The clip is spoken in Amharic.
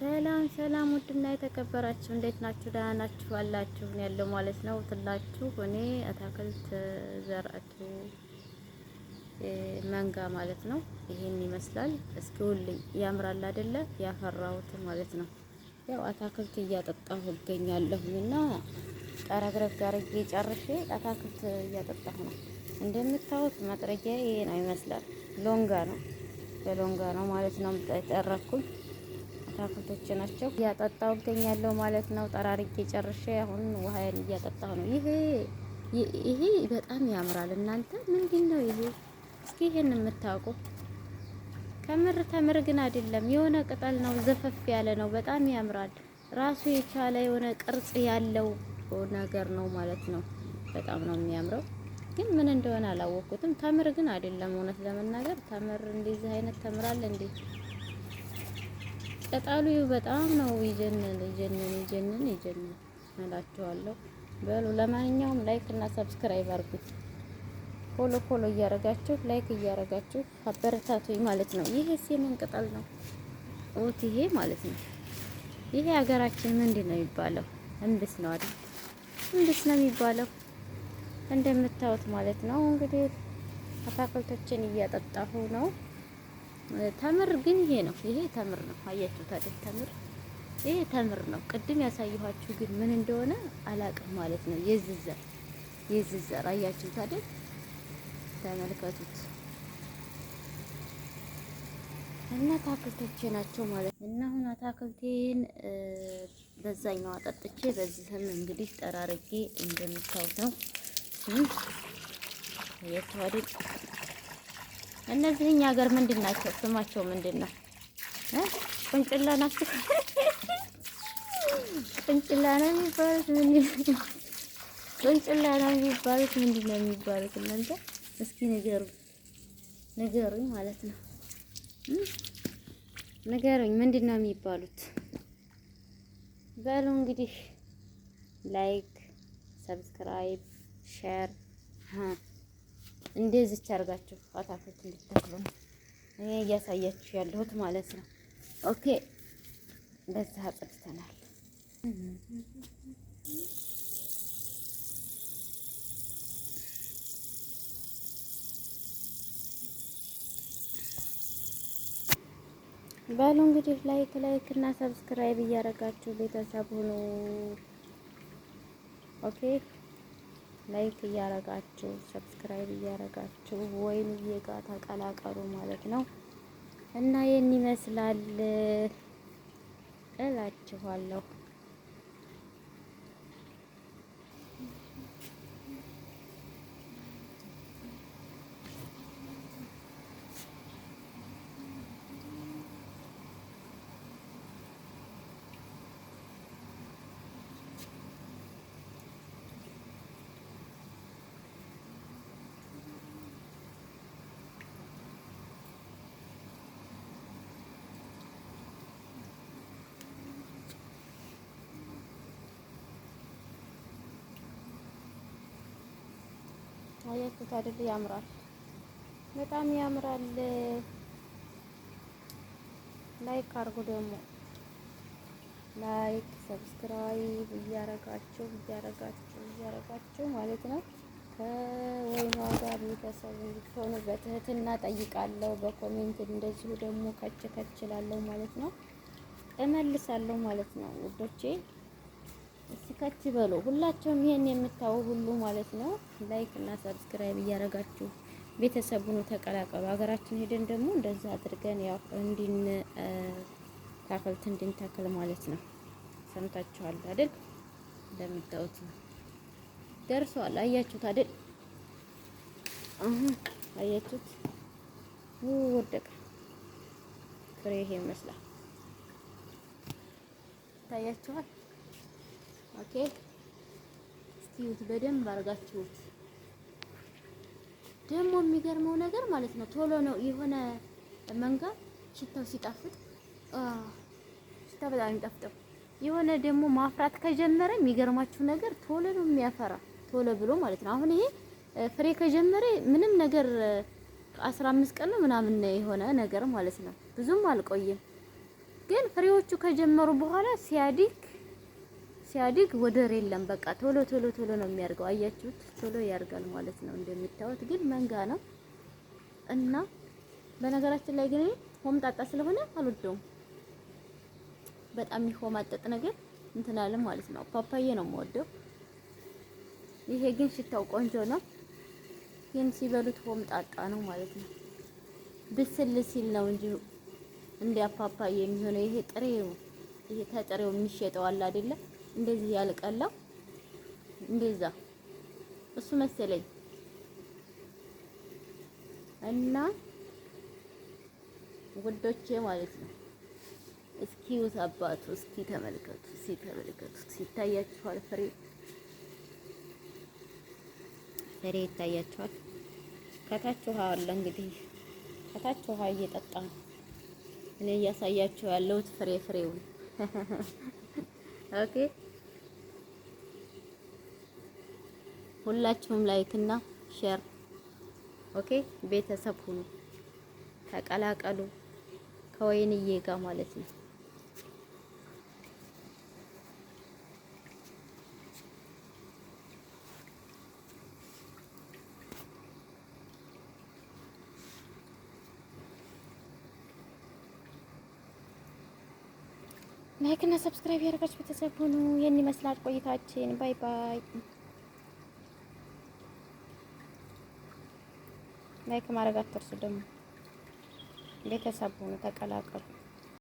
ሰላም ሰላም፣ ውድና የተከበራችሁ እንዴት ናችሁ? ደህና ናችሁ አላችሁ ያለው ማለት ነው ትላችሁ። እኔ አታክልት ዘርአቱ መንጋ ማለት ነው ይሄን ይመስላል። እስኪ ሁልኝ ያምራል አይደለ? ያፈራሁት ማለት ነው። ያው አታክልት እያጠጣሁ እገኛለሁና ጠረግረግ አድርጌ ጨርሼ አታክልት እያጠጣሁ ነው። እንደምታዩት መጥረጊያ ይሄ ነው ይመስላል። ሎንጋ ነው በሎንጋ ነው ማለት ነው የጠረኩኝ አትክልቶች ናቸው። እያጠጣሁ እገኛለሁ ማለት ነው። ጠራርጌ ጨርሼ አሁን ውሃዬን እያጠጣሁ ነው። ይሄ ይሄ በጣም ያምራል። እናንተ ምንድን ነው ይሄ? እስኪ ይሄን የምታውቁ ከምር ተምር ግን አይደለም፣ የሆነ ቅጠል ነው፣ ዘፈፍ ያለ ነው። በጣም ያምራል። ራሱ የቻለ የሆነ ቅርጽ ያለው ነገር ነው ማለት ነው። በጣም ነው የሚያምረው፣ ግን ምን እንደሆነ አላወቅኩትም። ተምር ግን አይደለም፣ እውነት ለመናገር ተምር እንደዚህ አይነት ተምራል እንዴ? ቅጠሉ በጣም ነው ይጀነን ይጀነን ይጀነን ይጀነን እላችኋለሁ። በሉ ለማንኛውም ላይክ እና ሰብስክራይብ አድርጉት። ፎሎ ፎሎ እያረጋችሁ ላይክ እያረጋችሁ አበረታቱኝ ማለት ነው። ይሄስ የምን ቅጠል ነው? ኦት ይሄ ማለት ነው። ይሄ ሀገራችን ምንድን ነው የሚባለው? እንብስ ነው አይደል? እንብስ ነው የሚባለው እንደምታዩት ማለት ነው። እንግዲህ አታክልቶችን እያጠጣሁ ነው። ተምር ግን ይሄ ነው። ይሄ ተምር ነው። አያችሁ ታዲያ ተምር ይሄ ተምር ነው። ቅድም ያሳየኋችሁ ግን ምን እንደሆነ አላቅም ማለት ነው። የዝዘር የዝዘር አያችሁ ታዲያ ተመልከቱት። እና አታክልቶቼ ናቸው ማለት ነው። እና አሁን አታክልቴን በዛኛው አጠጥቼ በዚህም እንግዲህ ጠራርጌ እንደምታዩት ነው። አያችሁ እነዚህኝ ሀገር ምንድን ናቸው? ስማቸው ምንድን ነው? ቁንጭላ ናቸው። ቁንጭላ ነው የሚባሉት። ምንድን ቁንጭላ ነው የሚባሉት። ምንድን ነው የሚባሉት? እናንተ እስኪ ንገሩኝ፣ ንገሩኝ ማለት ነው። ንገሩኝ ምንድን ነው የሚባሉት? በሉ እንግዲህ ላይክ፣ ሰብስክራይብ፣ ሼር እንደዚች አድርጋችሁ አታክልት እንድትተክሉ ነው እኔ እያሳያችሁ ያለሁት ማለት ነው። ኦኬ በዛ አጽድተናል። ባሉ እንግዲህ ላይክ ላይክ እና ሰብስክራይብ እያደረጋችሁ ቤተሰብ ሁኑ። ኦኬ ላይክ እያረጋችሁ ሰብስክራይብ እያረጋችሁ ወይን እየጋ ተቀላቀሉ ማለት ነው እና ይህን ይመስላል እላችኋለሁ። አያችሁት አይደል? ያምራል፣ በጣም ያምራል። ላይክ አድርጉ ደግሞ ላይክ ሰብስክራይብ እያረጋችሁ እያረጋችሁ እያረጋችሁ ማለት ነው። ከወይኗ ጋር ቤተሰብ እንድትሆኑ በትህትና ጠይቃለሁ። በኮሜንት እንደዚሁ ደግሞ ከች ከች እላለሁ ማለት ነው፣ እመልሳለሁ ማለት ነው ውዶቼ። እስኪ በሉ ሁላችሁም ይሄን የምታው ሁሉ ማለት ነው። ላይክ እና ሰብስክራይብ እያደረጋችሁ ቤተሰቡን ተቀላቀሉ። ሀገራችን ሄደን ደግሞ እንደዛ አድርገን ያው እንድን ታክልት እንድንተክል ማለት ነው። ሰምታችኋል አይደል? እንደምታዩት ነው ደርሷል። አያችሁት አይደል? አያችሁት ወደቀ ፍሬ ይሄ ይመስላል። ታያችኋል ኦኬ። እስኪዩት በደንብ አድርጋችሁት። ደግሞ የሚገርመው ነገር ማለት ነው ቶሎ ነው የሆነ መንጋ ሽታው ሲጣፍጥ ሽታ በጣም የሚጣፍጠው የሆነ ደግሞ ማፍራት ከጀመረ የሚገርማችሁ ነገር ቶሎ ነው የሚያፈራ ቶሎ ብሎ ማለት ነው። አሁን ይሄ ፍሬ ከጀመረ ምንም ነገር አስራ አምስት ቀን ነው ምናምን የሆነ ነገር ማለት ነው ብዙም አልቆየም። ግን ፍሬዎቹ ከጀመሩ በኋላ ሲያድግ። ሲያድግ ወደር የለም። በቃ ቶሎ ቶሎ ቶሎ ነው የሚያርገው። አያችሁት? ቶሎ ያርጋል ማለት ነው። እንደሚታወት ግን መንጋ ነው እና በነገራችን ላይ ግን ሆምጣጣ ስለሆነ አልወደውም። በጣም የሚሆማጠጥ ነገር እንትን አለ ማለት ነው። ፓፓዬ ነው የምወደው። ይሄ ግን ሽታው ቆንጆ ነው፣ ግን ሲበሉት ሆምጣጣ ነው ማለት ነው። ብስል ሲል ነው እንጂ እንዲያ ፓፓዬ የሚሆነው ይሄ ጥሬው ይሄ ተጥሬው የሚሸጠው አለ አይደለም። እንደዚህ ያልቀላ እንደዛ እሱ መሰለኝ እና ውዶቼ ማለት ነው። እስኪ ውት አባቱ እስኪ ተመልከቱ፣ እስኪ ተመልከቱ። ይታያችኋል? ፍሬ ፍሬ ይታያችኋል? ከታች ውሃ አለ እንግዲህ ከታች ውሃ እየጠጣ እኔ እያሳያችሁ ያለሁት ፍሬ ፍሬውን ኦኬ ሁላችሁም ላይክ እና ሼር ኦኬ፣ ቤተሰብ ሁኑ፣ ተቀላቀሉ ከወይንዬ ጋር ማለት ነው። ላይክ እና ሰብስክራይብ ያደርጋችሁ ቤተሰብ ሁኑ። ይህን ይመስላል ቆይታችን። ባይ ባይ። ላይክ ማድረግ አትርሱ። ደግሞ ቤተሰብ ሆኑ ተቀላቀሉ።